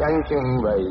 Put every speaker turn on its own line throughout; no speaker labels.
yankin bai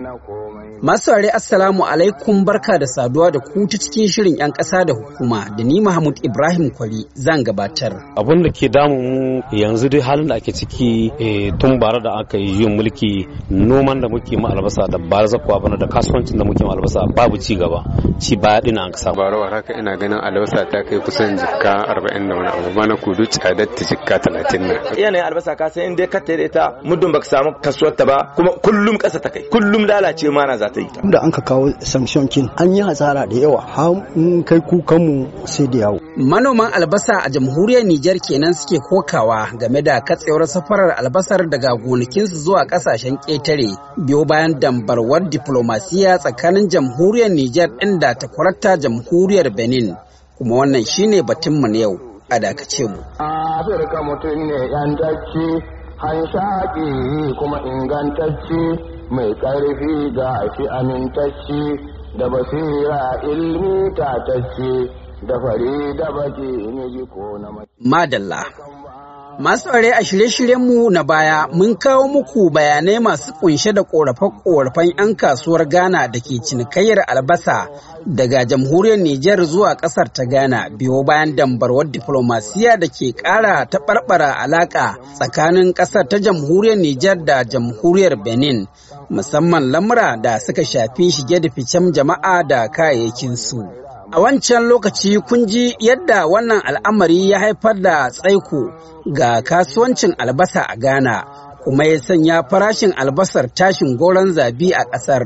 na komai.
Masu ware Assalamu alaikum barka da saduwa da ku ta cikin shirin 'yan ƙasa da hukuma da ni Mahmud Ibrahim Kwari zan gabatar.
Abin da ke damu mu yanzu dai halin da ake ciki eh, tun bara da aka yi yin mulki noman da muke ma albasa da kuwa bana da kasuwancin da muke ma albasa babu ci gaba ci baya dina an kasa. Barawa haka ina ganin albasa ta kai kusan jikka arba'in da wani abu bana kudu tsadar ta jikka talatin na.
Iya albasa ka san in dai ka ta ita
muddin baka samu kasuwar ta ba
kuma kullum ƙasa ta kai kullum lalace mana za ta yi
ta da an ka kawo sanction an yi hasara da yawa har mun kai kukan mu sai da yawo
manoman albasa a jamhuriyar Nijar kenan suke kokawa game da katsewar safarar albasar daga gonakinsu zuwa kasashen ƙetare biyo bayan dambarwar diplomasiya tsakanin jamhuriyar Nijar ɗin da takwarata jamhuriyar Benin kuma wannan shine batunmu na yau a dakace mu.
ne 'yan hanshaƙi kuma ingantacci mai ƙarfi ga shi amintacci da basira ilmi tatacce da fari da baki miji ko na
Madalla. Masu tsare a shirye-shiryenmu na baya mun kawo muku bayanai masu kunshe da korafe-korafen 'yan kasuwar Ghana da ke cinikayyar albasa daga jamhuriyar Nijar zuwa kasar ta Ghana biyo bayan dambarwar diplomasiya da ke ƙara taɓarɓara alaƙa tsakanin ƙasar ta jamhuriyar Nijar da jamhuriyar Benin musamman lamura da suka shafi shige da ficen jama'a da kayayyakin su. A wancan lokaci kun ji yadda wannan al'amari ya haifar da tsaiko ga kasuwancin albasa a Ghana kuma ya sanya farashin albasar tashin goron zabi a ƙasar.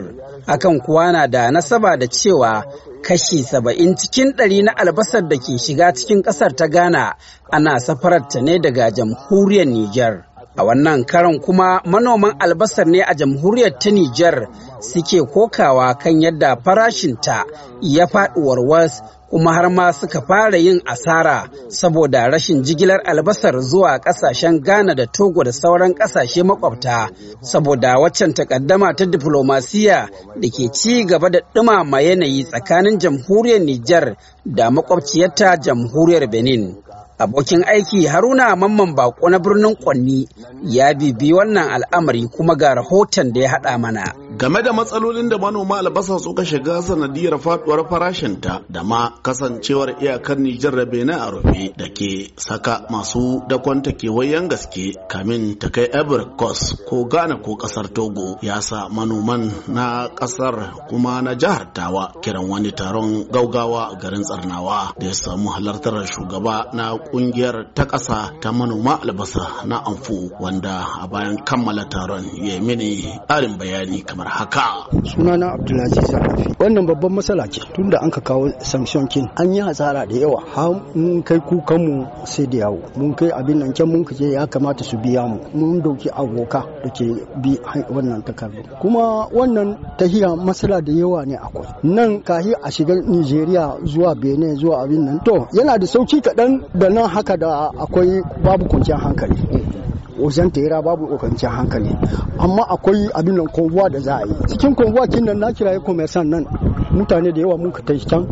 Akan kuwa na da nasaba da cewa kashi saba'in cikin ɗari na albasar da ke shiga cikin ƙasar ta Ghana ana safararta ne daga jamhuriyar Nijar. A wannan karan kuma manoman albasar ne a jamhuriyar ta Nijar suke kokawa kan yadda farashin ta ya faɗuwar wasu kuma har ma suka fara yin asara saboda rashin jigilar albasar zuwa kasashen Ghana da Togo da sauran kasashe makwabta saboda waccan takaddama ta diplomasiya da ke ci gaba da ɗumama yanayi tsakanin jamhuriyar Nijar da makwabciyarta jamhuriyar Benin. Abokin aiki Haruna Mamman Bako na birnin Kwanni ya bibi wannan al'amari kuma ga rahoton da ya haɗa mana. game da matsalolin da manoma albasa suka shiga sanadiyar faduwar farashinta da
ma kasancewar iyakar nijar da benin a rufe da ke saka masu dakonta kewayen gaske kamin ta kai abrikos ko ghana ko kasar togo ya sa manoman na kasar kuma na jihar tawa kiran wani taron gaugawa garin tsarnawa da ya samu halartar shugaba na kungiyar ta ƙasa ta manoma albasa na amfu wanda a bayan kammala taron ya mini tsarin bayani kamar kamar haka
sunana abdulaziz zarafi wannan babban matsala ce tunda an ka kawo sanction kin an yi hasara da yawa har mun kai kukanmu sai da yawo mun kai abin nan can mun kaje ya kamata su biya mu mun dauki aboka da ke bi wannan takardu kuma wannan tahiya matsala da yawa ne akwai nan kahi a shiga nigeria zuwa benin zuwa abin nan to yana da sauki kaɗan da nan haka da akwai babu kwanciyar hankali wajen tera babu kwanciyar hankali amma akwai abin nan konvuwa da za a yi cikin konvuwa kin nan na kiraye san nan mutane da yawa mun ka tai can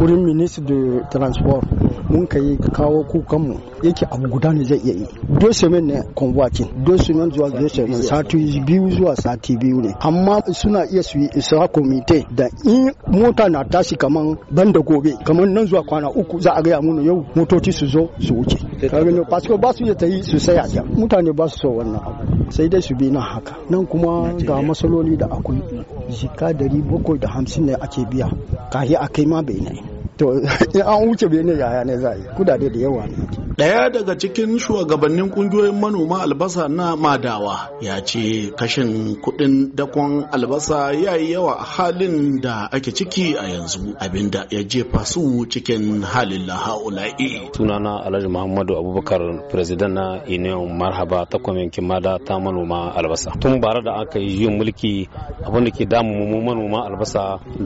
wurin minista da transport mun ka yi kawo kukanmu yake abu guda ne zai iya yi dosemen ne convoking dosemen zuwa dosemen sati biyu zuwa sati biyu ne amma suna iya su yi isa komite da in mota na tashi kaman ban da gobe kaman nan zuwa kwana uku za a gaya mun yau motoci su zo su wuce kaga pasko ba su iya ta yi su saya mutane ba su so wannan abu sai dai su bi na haka nan kuma ga masaloli da akwai jika dari bakwai da hamsin ne ake biya kahi a kai ma bai ne to in an wuce bene yaya ne za a yi kudade da yawa ne
daya daga cikin shugabannin kungiyoyin manoma albasa na madawa ya ce kashin kudin dakon albasa ya yi yawa a halin da ake ciki a yanzu abinda ya jefa
su cikin halin laha'ula'i sunana alhaji muhammadu abubakar president na union marhaba ta kwamenkin mada ta manoma albasa tun bara da aka yi yin mulki abinda ke damu mu manoma albasa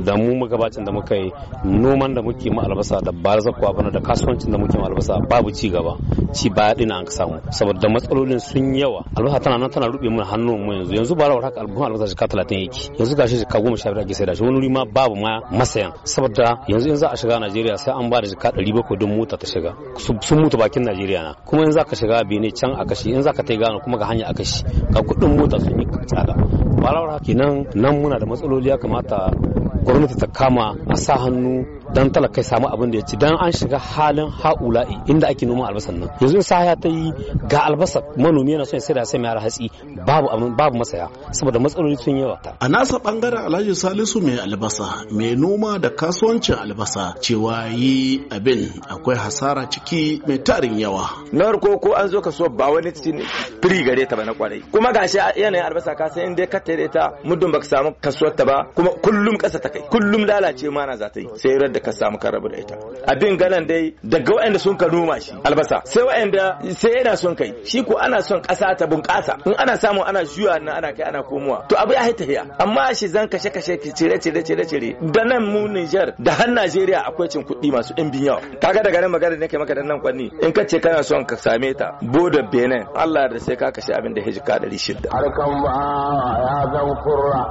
da mu magabacin da muka yi noman da muke muke ma albasa da ba kuwa bana da kasuwancin da muke ma albasa babu ci gaba ci baya dina an samu saboda matsalolin sun yawa albasa tana nan tana rube mun hannun mu yanzu yanzu ba rawar haka albuma albasa ka 30 yake yanzu gashi shika 15 ake da shi wani wuri ma babu ma masayan saboda yanzu in za a shiga Najeriya sai an ba da jika 700 don mota ta shiga sun mutu bakin Najeriya na kuma in za ka shiga bene can a kashi in za ka tai Ghana kuma ga hanya a kashi ga kudin mota sun yi tsada ba rawar haka nan nan muna da matsaloli ya kamata gwamnati ta kama a sa hannu dan talaka samu abin da ya ci dan an shiga halin haula'i inda ake noma albasan nan yanzu in sahaya ta yi ga albasar manomi yana son ya saida sai mai hatsi babu babu masaya saboda matsaloli sun yawa
a nasa bangaren Alhaji Salisu mai albasa mai noma da kasuwancin albasa cewa yi abin akwai hasara ciki mai tarin yawa
na farko ko an zo kasuwa ba wani firi gare ta ba na kwarai kuma gashi yanayin albasa ka san inda ka tare ta muddin baka samu kasuwar ta ba kuma kullum kasa ta kai kullum lalace mana za ta yi sai da da ka samu ka da ita abin ganan dai daga waɗanda sun ka noma shi albasa sai waɗanda sai yana son kai shi ko ana son ƙasa ta bunƙasa in ana samu ana juya nan ana kai ana komowa to abu ya haita ya amma shi zan kashe kashe cire cire cire cire da nan mu Niger da har Najeriya akwai cin kuɗi masu ɗimbin yawa kaga daga nan magana nake maka da nan kwanni in ka ce kana son ka same ta Boda
Benin Allah da sai ka kashe abin da hijika 600
harkan ba ya zan kurra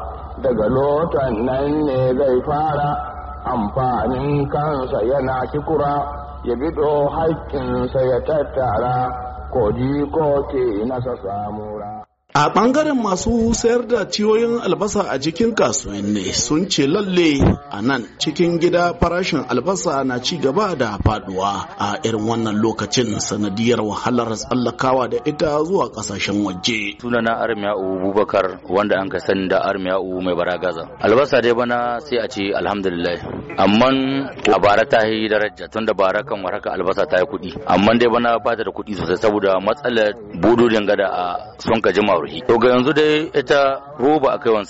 daga lotan nan ne zai fara amfanin kansa yana kikura ya bido haƙƙinsa ya tattara ko ji ko ke nasa samura
A ɓangaren masu sayar da ciyoyin albasa a cikin kasuwanni sun ce lalle a nan cikin gida farashin albasa na ci gaba da faduwa a irin wannan lokacin sanadiyar wahalar tsallakawa da ita zuwa
kasashen waje. Sunana armiya Bubakar wanda an sani da armiya mai baragaza. Albasa dai bana sai a ce alhamdulillah. Amma a bara ta yi daraja tun da bara kan waraka albasa ta yi kuɗi. Amma dai bana ba ta da kuɗi sosai saboda matsalar bududin gada a son jima ma'aurihi to ga yanzu dai ita roba akai wani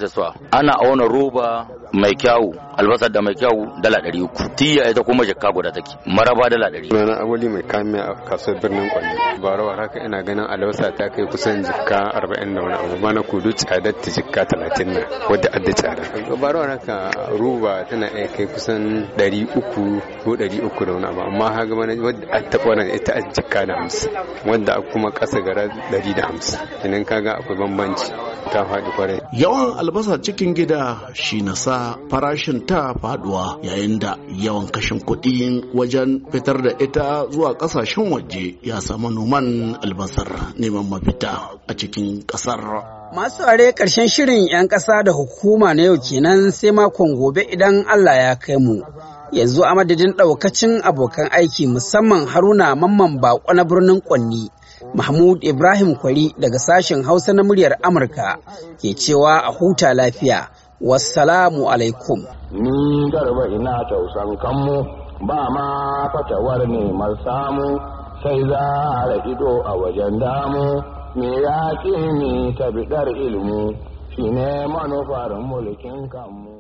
ana auna roba mai kyawu albasa da mai kyawu dala ɗari uku tiya ita kuma jakka guda take maraba dala ɗari. Sunana Awali mai kame a kasuwar birnin baro Barawar haka ina ganin albasa ta kai kusan jikka arba'in da wani abu bana kudu tsadar ta jikka talatin na wadda adda tsada. Barawar haka ruba tana iya kai kusan ɗari uku ko ɗari uku da wani abu amma haka mana wadda a taɓa ita a jikka da hamsin wadda kuma ƙasa gara ɗari da hamsin. Kenan kaga akwai bambanci. ta faɗi kwarai.
Yawan albasa cikin gida shi na sa farashin ta faɗuwa, yayin da yawan kashin kuɗi wajen fitar da ita zuwa ƙasashen waje ya samu noman albasar neman mafita a cikin ƙasar.
Masu are ƙarshen shirin 'yan ƙasa da hukuma na yau kenan sai makon gobe idan Allah ya kai mu. Yanzu a madadin ɗaukacin abokan aiki musamman Haruna Mamman Bako na birnin Kwanni Mahmud Ibrahim Kwari daga sashen Hausa na muryar Amurka ke cewa a huta lafiya. Wassalamu alaikum.
Ni garba ina tausan kanmu ba ma fatawar neman samu sai za a ido a wajen damu me ya ce ni tabidar ilmu shi ne manufar mulkin kanmu.